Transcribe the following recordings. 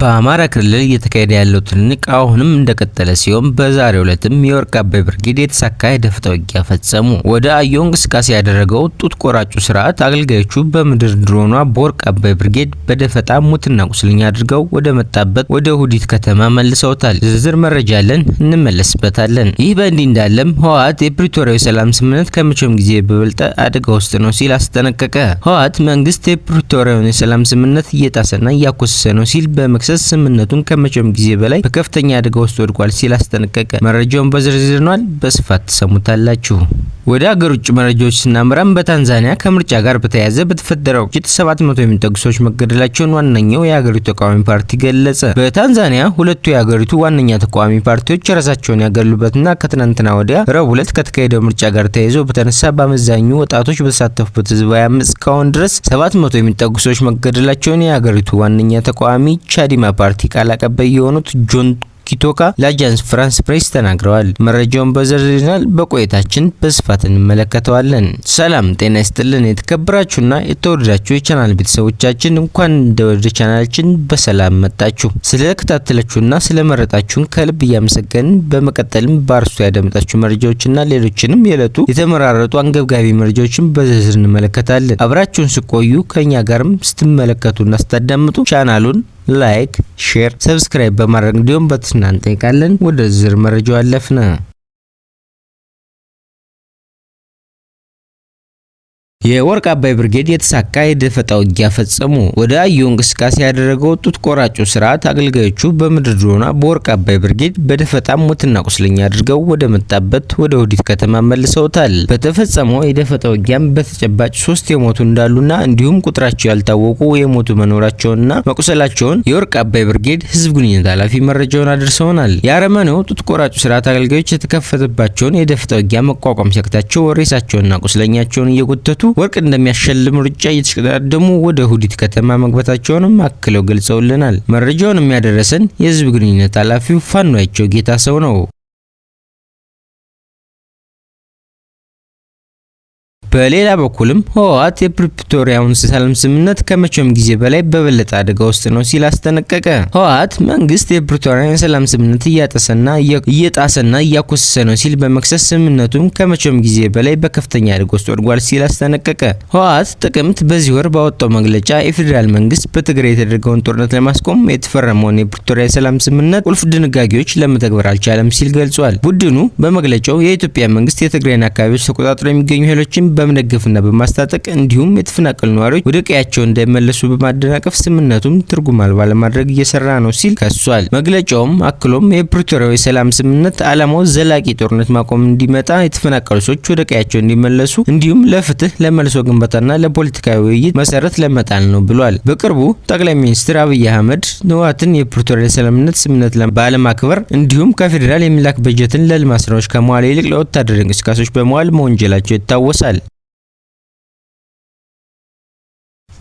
በአማራ ክልል እየተካሄደ ያለው ትንቅ አሁንም እንደቀጠለ ሲሆን በዛሬው ዕለትም የወርቅ አባይ ብርጌድ የተሳካ የደፈጣ ውጊያ ፈጸሙ። ወደ አዮ እንቅስቃሴ ያደረገው ጡት ቆራጩ ስርዓት አገልጋዮቹ በምድር ድሮኗ በወርቅ አባይ ብርጌድ በደፈጣ ሙትና ቁስልኛ አድርገው ወደ መጣበት ወደ ሁዲት ከተማ መልሰውታል። ዝርዝር መረጃ አለን፣ እንመለስበታለን። ይህ በእንዲህ እንዳለም ህወሓት የፕሪቶሪያ የሰላም ስምምነት ከመቼም ጊዜ በበልጠ አደጋ ውስጥ ነው ሲል አስጠነቀቀ። ህወሓት መንግስት የፕሪቶሪያውን የሰላም ስምምነት እየጣሰና እያኮሰሰ ነው ሲል በመክሰ ቴክሳስ ስምምነቱን ከመቼውም ጊዜ በላይ በከፍተኛ አደጋ ውስጥ ወድቋል ሲል አስጠነቀቀ። መረጃውን በዝርዝር በስፋት ትሰሙታላችሁ። ወደ አገር ውጭ መረጃዎች ስናምራም በታንዛኒያ ከምርጫ ጋር በተያያዘ በተፈጠረው ግጭት 700 የሚጠጉ ሰዎች መገደላቸውን ዋነኛው የሀገሪቱ ተቃዋሚ ፓርቲ ገለጸ። በታንዛኒያ ሁለቱ የሀገሪቱ ዋነኛ ተቃዋሚ ፓርቲዎች ራሳቸውን ያገሉበትና ከትናንትና ወዲያ ረቡዕ ዕለት ከተካሄደው ምርጫ ጋር ተያይዞ በተነሳ በአመዛኙ ወጣቶች በተሳተፉበት ህዝባዊ አመፅ እስካሁን ድረስ 700 የሚጠጉ ሰዎች መገደላቸውን የሀገሪቱ ዋነኛ ተቃዋሚ ቻዲማ ፓርቲ ቃል አቀባይ የሆኑት ጆን ኪቶካ ለአጃንስ ፍራንስ ፕሬስ ተናግረዋል። መረጃውን በዝርዝር ይዘናል፣ በቆይታችን በስፋት እንመለከተዋለን። ሰላም ጤና ይስጥልን። የተከበራችሁና የተወደዳችሁ የቻናል ቤተሰቦቻችን እንኳን ወደ ቻናላችን በሰላም መጣችሁ። ስለተከታተላችሁና ስለመረጣችሁን ከልብ እያመሰገንን በመቀጠልም በአርሶ ያደመጣችሁ መረጃዎችና ሌሎችንም የዕለቱ የተመራረጡ አንገብጋቢ መረጃዎችን በዝርዝር እንመለከታለን። አብራችሁን ስቆዩ ከእኛ ጋርም ስትመለከቱና ስታዳምጡ ቻናሉን ላይክ፣ ሼር፣ ሰብስክራይብ በማድረግ እንዲሁም በትህትና እንጠይቃለን። ወደ ዝርዝር መረጃው አለፍነ። የወርቅ አባይ ብርጌድ የተሳካ የደፈጣ ውጊያ ፈጸሙ። ወደ አዩ እንቅስቃሴ ያደረገው ጡት ቆራጩ ስርዓት አገልጋዮቹ በምድር ድሮና በወርቅ አባይ ብርጌድ በደፈጣ ሞትና ቁስለኛ አድርገው ወደ መጣበት ወደ ውዲት ከተማ መልሰውታል። በተፈጸመው የደፈጣ ውጊያም በተጨባጭ ሶስት የሞቱ እንዳሉና እንዲሁም ቁጥራቸው ያልታወቁ የሞቱ መኖራቸውንና መቁሰላቸውን የወርቅ አባይ ብርጌድ ህዝብ ግንኙነት ኃላፊ መረጃውን አድርሰውናል። የአረመኔው ጡት ቆራጩ ስርዓት አገልጋዮች የተከፈተባቸውን የደፈጣ ውጊያ መቋቋም ሲያቅታቸው ሬሳቸውንና ቁስለኛቸውን እየጎተቱ ወርቅ እንደሚያሸልም ሩጫ እየተሽቀዳደሙ ወደ ሁዲት ከተማ መግባታቸውንም አክለው ገልጸውልናል። መረጃውን የሚያደረሰን የህዝብ ግንኙነት ኃላፊው ፋኖያቸው ጌታ ሰው ነው። በሌላ በኩልም ህወሓት የፕሪቶሪያውን ሰላም ስምምነት ከመቼውም ጊዜ በላይ በበለጠ አደጋ ውስጥ ነው ሲል አስጠነቀቀ። ህወሓት መንግስት የፕሪቶሪያን የሰላም ስምምነት እያጠሰና እየጣሰና እያኮሰሰ ነው ሲል በመክሰስ ስምምነቱም ከመቼውም ጊዜ በላይ በከፍተኛ አደጋ ውስጥ ወድጓል ሲል አስጠነቀቀ። ህወሓት ጥቅምት በዚህ ወር ባወጣው መግለጫ የፌዴራል መንግስት በትግራይ የተደረገውን ጦርነት ለማስቆም የተፈረመውን የፕሪቶሪያ የሰላም ስምምነት ቁልፍ ድንጋጌዎች ለመተግበር አልቻለም ሲል ገልጿል። ቡድኑ በመግለጫው የኢትዮጵያ መንግስት የትግራይን አካባቢዎች ተቆጣጥሮ የሚገኙ ኃይሎችን በመደገፍና በማስታጠቅ እንዲሁም የተፈናቀሉ ነዋሪዎች ወደ ቀያቸው እንዳይመለሱ በማደናቀፍ ስምነቱን ትርጉም አልባ ለማድረግ እየሰራ ነው ሲል ከሷል። መግለጫውም አክሎም የፕሪቶሪያው የሰላም ስምምነት ዓላማው ዘላቂ ጦርነት ማቆም እንዲመጣ፣ የተፈናቀሉ ሰዎች ወደ ቀያቸው እንዲመለሱ እንዲሁም ለፍትህ ለመልሶ ግንባታና ለፖለቲካዊ ውይይት መሰረት ለመጣል ነው ብሏል። በቅርቡ ጠቅላይ ሚኒስትር አብይ አህመድ ህወሓትን የፕሪቶሪያ የሰላምነት ስምምነት ባለማክበር እንዲሁም ከፌዴራል የሚላክ በጀትን ለልማት ስራዎች ከመዋል ይልቅ ለወታደር እንቅስቃሴዎች በመዋል መወንጀላቸው ይታወሳል።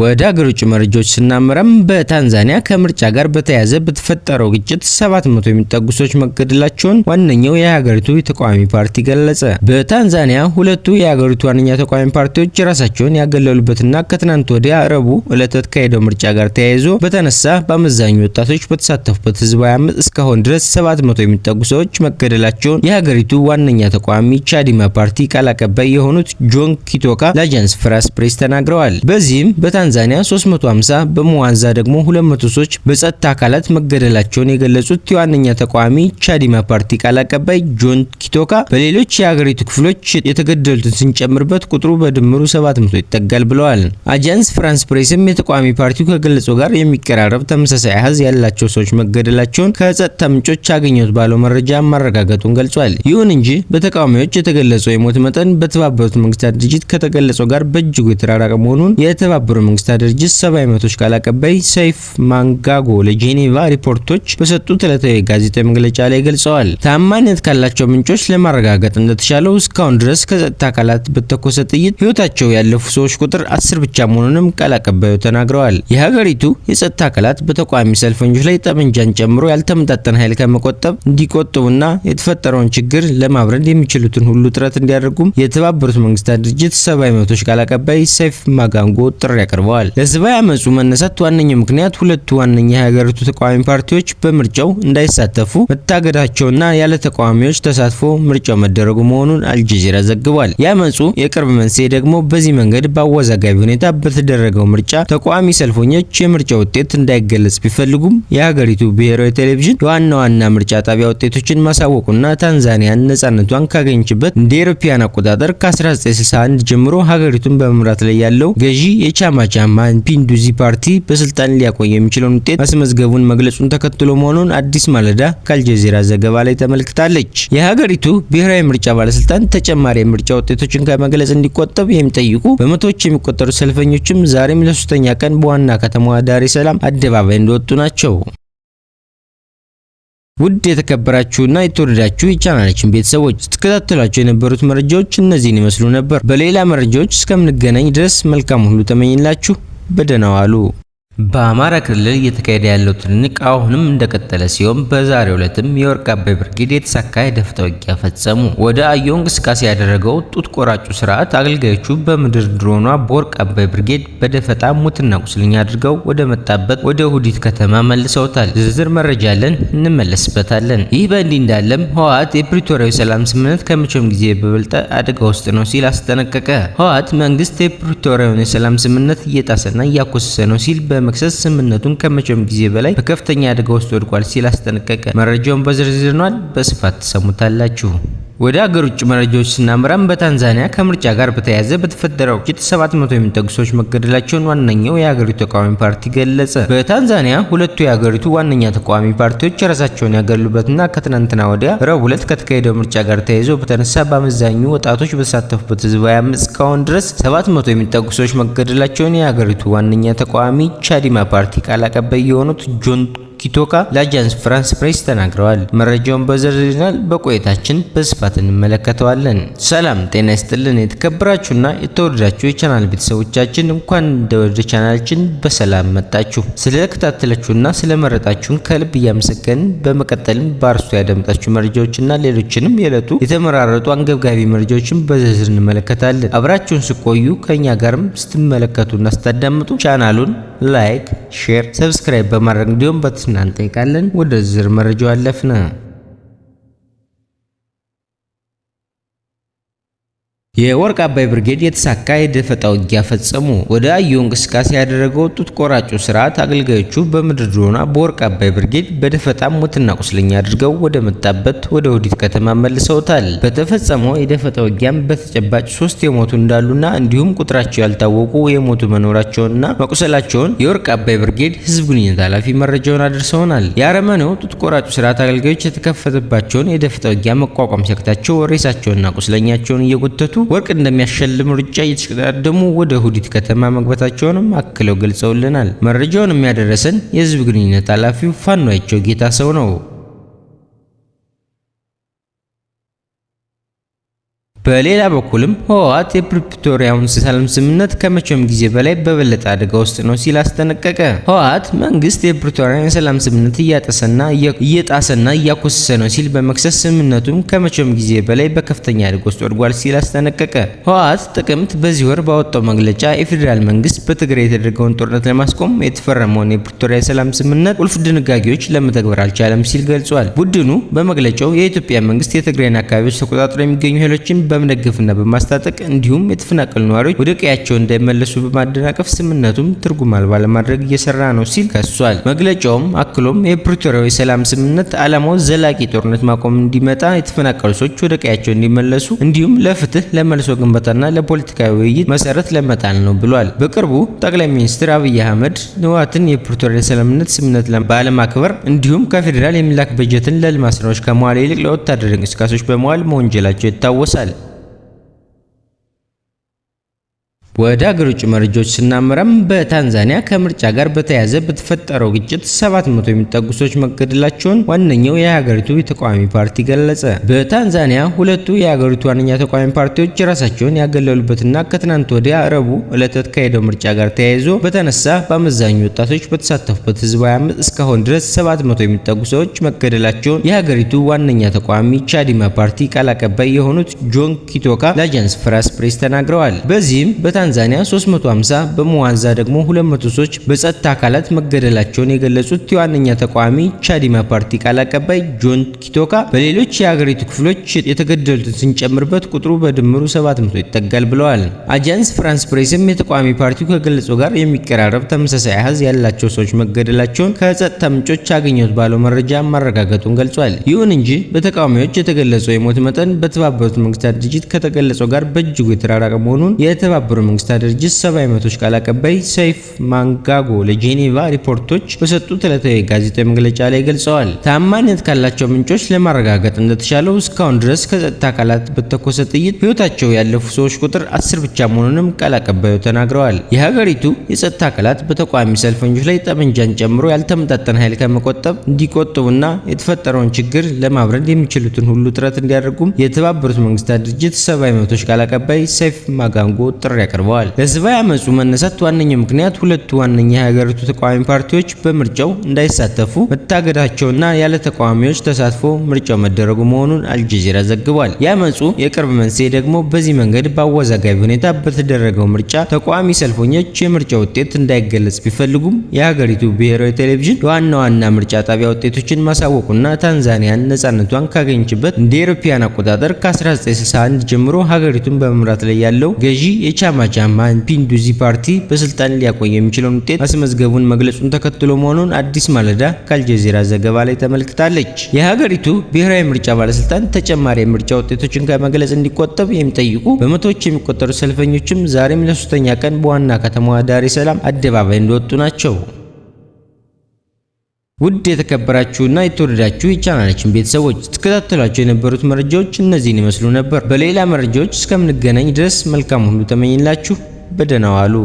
ወደ አገር ውጭ መረጃዎች ስናመራም በታንዛኒያ ከምርጫ ጋር በተያያዘ በተፈጠረው ግጭት 700 የሚጠጉ ሰዎች መገደላቸውን ዋነኛው የሀገሪቱ የተቃዋሚ ፓርቲ ገለጸ። በታንዛኒያ ሁለቱ የሀገሪቱ ዋነኛ ተቃዋሚ ፓርቲዎች ራሳቸውን ያገለሉበትና ከትናንት ወዲያ ረቡዕ ዕለት ከተካሄደው ምርጫ ጋር ተያይዞ በተነሳ በአመዛኙ ወጣቶች በተሳተፉበት ህዝባዊ አመፅ እስካሁን ድረስ 700 የሚጠጉ ሰዎች መገደላቸውን የሀገሪቱ ዋነኛ ተቃዋሚ ቻዲማ ፓርቲ ቃል አቀባይ የሆኑት ጆን ኪቶካ ለአጃንስ ፍራስ ፕሬስ ተናግረዋል። በዚህም በታንዛኒያ 350 በሙዋንዛ ደግሞ 200 ሰዎች በጸጥታ አካላት መገደላቸውን የገለጹት የዋነኛ ተቃዋሚ ቻዲማ ፓርቲ ቃል አቀባይ ጆን ኪቶካ በሌሎች የሀገሪቱ ክፍሎች የተገደሉትን ስንጨምርበት ቁጥሩ በድምሩ 700 ይጠጋል ብለዋል። አጃንስ ፍራንስ ፕሬስም የተቃዋሚ ፓርቲው ከገለጸው ጋር የሚቀራረብ ተመሳሳይ አሀዝ ያላቸው ሰዎች መገደላቸውን ከጸጥታ ምንጮች አገኘት ባለው መረጃ ማረጋገጡን ገልጿል። ይሁን እንጂ በተቃዋሚዎች የተገለጸው የሞት መጠን በተባበሩት መንግስታት ድርጅት ከተገለጸው ጋር በእጅጉ የተራራቀ መሆኑን የተባበሩ መንግስታት ድርጅት ሰብአዊ መብቶች ቃል አቀባይ ሰይፍ ማንጋጎ ለጄኔቫ ሪፖርቶች በሰጡት ዕለታዊ ጋዜጣዊ መግለጫ ላይ ገልጸዋል። ታማኝነት ካላቸው ምንጮች ለማረጋገጥ እንደተቻለው እስካሁን ድረስ ከጸጥታ አካላት በተኮሰ ጥይት ህይወታቸው ያለፉ ሰዎች ቁጥር አስር ብቻ መሆኑንም ቃል አቀባዩ ተናግረዋል። የሀገሪቱ የጸጥታ አካላት በተቃዋሚ ሰልፈኞች ላይ ጠመንጃን ጨምሮ ያልተመጣጠነ ኃይል ከመቆጠብ እንዲቆጥቡና የተፈጠረውን ችግር ለማብረድ የሚችሉትን ሁሉ ጥረት እንዲያደርጉም የተባበሩት መንግስታት ድርጅት ሰብአዊ መብቶች ቃል አቀባይ ሰይፍ ማጋንጎ ጥሪ ያቀርባል። ቀርበዋል። ለህዝባዊ አመፁ መነሳት ዋነኛው ምክንያት ሁለቱ ዋነኛ የሀገሪቱ ተቃዋሚ ፓርቲዎች በምርጫው እንዳይሳተፉ መታገዳቸውና ያለ ተቃዋሚዎች ተሳትፎ ምርጫው መደረጉ መሆኑን አልጀዚራ ዘግቧል። የአመፁ የቅርብ መንስኤ ደግሞ በዚህ መንገድ በአወዛጋቢ ሁኔታ በተደረገው ምርጫ ተቃዋሚ ሰልፈኞች የምርጫ ውጤት እንዳይገለጽ ቢፈልጉም የሀገሪቱ ብሔራዊ ቴሌቪዥን የዋና ዋና ምርጫ ጣቢያ ውጤቶችን ማሳወቁና ታንዛኒያን ነጻነቷን ካገኘችበት እንደ ኤሮፓያን አቆጣጠር ከ1961 ጀምሮ ሀገሪቱን በመምራት ላይ ያለው ገዢ የቻማ ጃማን ፒንዱዚ ፓርቲ በስልጣን ሊያቆይ የሚችለውን ውጤት ማስመዝገቡን መግለጹን ተከትሎ መሆኑን አዲስ ማለዳ ከአልጀዚራ ዘገባ ላይ ተመልክታለች። የሀገሪቱ ብሔራዊ ምርጫ ባለስልጣን ተጨማሪ የምርጫ ውጤቶችን ከመግለጽ እንዲቆጠብ የሚጠይቁ በመቶዎች የሚቆጠሩ ሰልፈኞችም ዛሬም ለሶስተኛ ቀን በዋና ከተማዋ ዳሬ ሰላም አደባባይ እንደወጡ ናቸው። ውድ የተከበራችሁና የተወደዳችሁ የቻናላችን ቤተሰቦች ስትከታተሏቸው የነበሩት መረጃዎች እነዚህን ይመስሉ ነበር። በሌላ መረጃዎች እስከምንገናኝ ድረስ መልካም ሁሉ ተመኝላችሁ በደህና ዋሉ። በአማራ ክልል እየተካሄደ ያለው ትንቅ አሁንም እንደቀጠለ ሲሆን በዛሬው ዕለትም የወርቅ አባይ ብርጌድ የተሳካ የደፈጣ ውጊያ ፈጸሙ። ወደ አዮ እንቅስቃሴ ያደረገው ጡት ቆራጩ ስርዓት አገልጋዮቹ በምድር ድሮኗ በወርቅ አባይ ብርጌድ በደፈጣ ሙትና ቁስልኛ አድርገው ወደ መጣበት ወደ ሁዲት ከተማ መልሰውታል። ዝርዝር መረጃ አለን፣ እንመለስበታለን። ይህ በእንዲህ እንዳለም ህወሓት የፕሪቶሪያው ሰላም ስምምነት ከመቼም ጊዜ በበልጠ አደጋ ውስጥ ነው ሲል አስጠነቀቀ። ህወሓት መንግስት የፕሪቶሪያውን የሰላም ስምምነት እየጣሰና እያኮሰሰ ነው ሲል በ ለመክሰስ ስምምነቱን ከመቼውም ጊዜ በላይ በከፍተኛ አደጋ ውስጥ ወድቋል ሲል አስጠነቀቀ። መረጃውን በዝርዝር ነዋል በስፋት ትሰሙታላችሁ። ወደ አገር ውጭ መረጃዎች ስናመራም በታንዛኒያ ከምርጫ ጋር በተያያዘ በተፈጠረው ግጭት 700 የሚጠጉ ሰዎች መገደላቸውን ዋነኛው የሀገሪቱ ተቃዋሚ ፓርቲ ገለጸ። በታንዛኒያ ሁለቱ የሀገሪቱ ዋነኛ ተቃዋሚ ፓርቲዎች ራሳቸውን ያገሉበትና ከትናንትና ወዲያ ረቡዕ ዕለት ከተካሄደው ምርጫ ጋር ተያይዘው በተነሳ በአመዛኙ ወጣቶች በተሳተፉበት ህዝባዊ አመፅ እስካሁን ድረስ 700 የሚጠጉ ሰዎች መገደላቸውን የሀገሪቱ ዋነኛ ተቃዋሚ ቻዲማ ፓርቲ ቃል አቀባይ የሆኑት ጆን ኪቶካ ለአጃንስ ፍራንስ ፕሬስ ተናግረዋል። መረጃውን በዝርዝር ይዘናል፣ በቆይታችን በስፋት እንመለከተዋለን። ሰላም ጤና ይስጥልን። የተከበራችሁና የተወደዳችሁ የቻናል ቤተሰቦቻችን እንኳን ወደ ቻናላችን በሰላም መጣችሁ። ስለተከታተላችሁና ስለመረጣችሁን ከልብ እያመሰገን በመቀጠልም በአርሶ ያደመጣችሁ መረጃዎችና ሌሎችንም የዕለቱ የተመራረጡ አንገብጋቢ መረጃዎችን በዝርዝር እንመለከታለን። አብራችሁን ስቆዩ ከኛ ጋርም ስትመለከቱና ስታዳምጡ ቻናሉን ላይክ፣ ሼር፣ ሰብስክራይብ በማድረግ እንዲሁም በትስ እናንጠይቃለን። ወደ ዝርዝር መረጃው አለፍነ። የወርቅ አባይ ብርጌድ የተሳካ የደፈጣ ውጊያ ፈጸሙ። ወደ አየሁ እንቅስቃሴ ያደረገው ጡት ቆራጩ ስርዓት አገልጋዮቹ በምድር ድሮና በወርቅ አባይ ብርጌድ በደፈጣ ሞትና ቁስለኛ አድርገው ወደ መጣበት ወደ ውዲት ከተማ መልሰውታል። በተፈጸመው የደፈጣ ውጊያም በተጨባጭ ሶስት የሞቱ እንዳሉና እንዲሁም ቁጥራቸው ያልታወቁ የሞቱ መኖራቸውንና መቁሰላቸውን የወርቅ አባይ ብርጌድ ህዝብ ግንኙነት ኃላፊ መረጃውን አድርሰውናል። የአረመኔው ጡት ቆራጩ ስርዓት አገልጋዮች የተከፈተባቸውን የደፈጣ ውጊያ መቋቋም ሲያቅታቸው ሬሳቸውንና ቁስለኛቸውን እየጎተቱ ወርቅ እንደሚያሸልም ሩጫ እየተሽቀዳደሙ ወደ ሁዲት ከተማ መግባታቸውንም አክለው ገልጸውልናል። መረጃውን የሚያደረሰን የህዝብ ግንኙነት ኃላፊው ፋኖ ጌታ ሰው ነው። በሌላ በኩልም ህወሓት የፕሪቶሪያውን ሰላም ስምምነት ከመቼውም ጊዜ በላይ በበለጠ አደጋ ውስጥ ነው ሲል አስጠነቀቀ። ህወሓት መንግስት የፕሪቶሪያን የሰላም ስምምነት እያጠሰና እየጣሰና እያኮሰሰ ነው ሲል በመክሰስ ስምምነቱም ከመቼውም ጊዜ በላይ በከፍተኛ አደጋ ውስጥ ወድጓል ሲል አስጠነቀቀ። ህወሓት ጥቅምት በዚህ ወር ባወጣው መግለጫ የፌዴራል መንግስት በትግራይ የተደረገውን ጦርነት ለማስቆም የተፈረመውን የፕሪቶሪያ የሰላም ስምምነት ቁልፍ ድንጋጌዎች ለመተግበር አልቻለም ሲል ገልጿል። ቡድኑ በመግለጫው የኢትዮጵያ መንግስት የትግራይን አካባቢዎች ተቆጣጥሮ የሚገኙ ኃይሎችን በመደገፍና በማስታጠቅ እንዲሁም የተፈናቀሉ ነዋሪዎች ወደ ቀያቸው እንዳይመለሱ በማደናቀፍ ስምምነቱም ትርጉም አልባ ለማድረግ እየሰራ ነው ሲል ከሷል። መግለጫውም አክሎም የፕሪቶሪያው የሰላም ስምምነት ዓላማው ዘላቂ ጦርነት ማቆም እንዲመጣ፣ የተፈናቀሉ ሰዎች ወደ ቀያቸው እንዲመለሱ እንዲሁም ለፍትህ፣ ለመልሶ ግንባታና ለፖለቲካዊ ውይይት መሰረት ለመጣል ነው ብሏል። በቅርቡ ጠቅላይ ሚኒስትር አብይ አህመድ ህወሓትን የፕሪቶሪያ ሰላምነት ስምምነት ባለማክበር እንዲሁም ከፌዴራል የሚላክ በጀትን ለልማት ስራዎች ከመዋል ይልቅ ለወታደራዊ እንቅስቃሴዎች በመዋል መወንጀላቸው ይታወሳል። ወደ አገር ውጭ መረጃዎች ስናመራም በታንዛኒያ ከምርጫ ጋር በተያያዘ በተፈጠረው ግጭት 700 የሚጠጉ ሰዎች መገደላቸውን ዋነኛው የሀገሪቱ የተቃዋሚ ፓርቲ ገለጸ። በታንዛኒያ ሁለቱ የሀገሪቱ ዋነኛ ተቃዋሚ ፓርቲዎች ራሳቸውን ያገለሉበትና ከትናንት ወዲያ ረቡ ዕለት ከተካሄደው ምርጫ ጋር ተያይዞ በተነሳ በአመዛኙ ወጣቶች በተሳተፉበት ህዝባዊ አመፅ እስካሁን ድረስ 700 የሚጠጉ ሰዎች መገደላቸውን የሀገሪቱ ዋነኛ ተቃዋሚ ቻዲማ ፓርቲ ቃል አቀባይ የሆኑት ጆን ኪቶካ ለአጃንስ ፍራስ ፕሬስ ተናግረዋል። በዚህም በታንዛኒያ 350 በመዋዛ ደግሞ 200 ሰዎች በጸጥታ አካላት መገደላቸውን የገለጹት የዋነኛ ተቃዋሚ ቻዲማ ፓርቲ ቃል አቀባይ ጆን ኪቶካ በሌሎች የሀገሪቱ ክፍሎች የተገደሉትን ስንጨምርበት ቁጥሩ በድምሩ 700 ይጠጋል ብለዋል። አጃንስ ፍራንስ ፕሬስም የተቃዋሚ ፓርቲው ከገለጸው ጋር የሚቀራረብ ተመሳሳይ አሃዝ ያላቸው ሰዎች መገደላቸውን ከጸጥታ ምንጮች አገኘት ባለው መረጃ ማረጋገጡን ገልጿል። ይሁን እንጂ በተቃዋሚዎች የተገለጸው የሞት መጠን በተባበሩት መንግስታት ድርጅት ከተገለጸው ጋር በእጅጉ የተራራቀ መሆኑን የተባበሩ መንግስታት ድርጅት ሰብአዊ መብቶች ቃል አቀባይ ሰይፍ ማንጋጎ ለጄኔቫ ሪፖርቶች በሰጡት ዕለታዊ ጋዜጣዊ መግለጫ ላይ ገልጸዋል። ታማኝነት ካላቸው ምንጮች ለማረጋገጥ እንደተቻለው እስካሁን ድረስ ከጸጥታ አካላት በተኮሰ ጥይት ህይወታቸው ያለፉ ሰዎች ቁጥር አስር ብቻ መሆኑንም ቃል አቀባዩ ተናግረዋል። የሀገሪቱ የጸጥታ አካላት በተቃዋሚ ሰልፈኞች ላይ ጠመንጃን ጨምሮ ያልተመጣጠነ ኃይል ከመቆጠብ እንዲቆጥቡና የተፈጠረውን ችግር ለማብረድ የሚችሉትን ሁሉ ጥረት እንዲያደርጉም የተባበሩት መንግስታት ድርጅት ሰብአዊ መብቶች ቃል አቀባይ ሰይፍ ማጋንጎ ጥሪ ያቀርባል። ቀርበዋል። ለህዝባዊ አመፁ መነሳት ዋነኛ ምክንያት ሁለቱ ዋነኛ የሀገሪቱ ተቃዋሚ ፓርቲዎች በምርጫው እንዳይሳተፉ መታገዳቸውና ያለ ተቃዋሚዎች ተሳትፎ ምርጫው መደረጉ መሆኑን አልጀዚራ ዘግቧል። የአመፁ የቅርብ መንስኤ ደግሞ በዚህ መንገድ በአወዛጋቢ ሁኔታ በተደረገው ምርጫ ተቃዋሚ ሰልፈኞች የምርጫ ውጤት እንዳይገለጽ ቢፈልጉም የሀገሪቱ ብሔራዊ ቴሌቪዥን የዋና ዋና ምርጫ ጣቢያ ውጤቶችን ማሳወቁና ታንዛኒያን ነጻነቷን ካገኘችበት እንደ ኤሮፓያን አቆጣጠር ከ1961 ጀምሮ ሀገሪቱን በመምራት ላይ ያለው ገዢ የቻማ ጃማን ፒንዱዚ ፓርቲ በስልጣን ሊያቆይ የሚችለውን ውጤት ማስመዝገቡን መግለጹን ተከትሎ መሆኑን አዲስ ማለዳ ከአልጀዚራ ዘገባ ላይ ተመልክታለች። የሀገሪቱ ብሔራዊ ምርጫ ባለስልጣን ተጨማሪ የምርጫ ውጤቶችን ከመግለጽ እንዲቆጠብ የሚጠይቁ በመቶዎች የሚቆጠሩ ሰልፈኞችም ዛሬም ለሶስተኛ ቀን በዋና ከተማዋ ዳሬ ሰላም አደባባይ እንደወጡ ናቸው። ውድ የተከበራችሁና የተወደዳችሁ የቻናላችን ቤተሰቦች ትከታተሏቸው የነበሩት መረጃዎች እነዚህን ይመስሉ ነበር። በሌላ መረጃዎች እስከምንገናኝ ድረስ መልካም ሁሉ ተመኝላችሁ በደህና ዋሉ።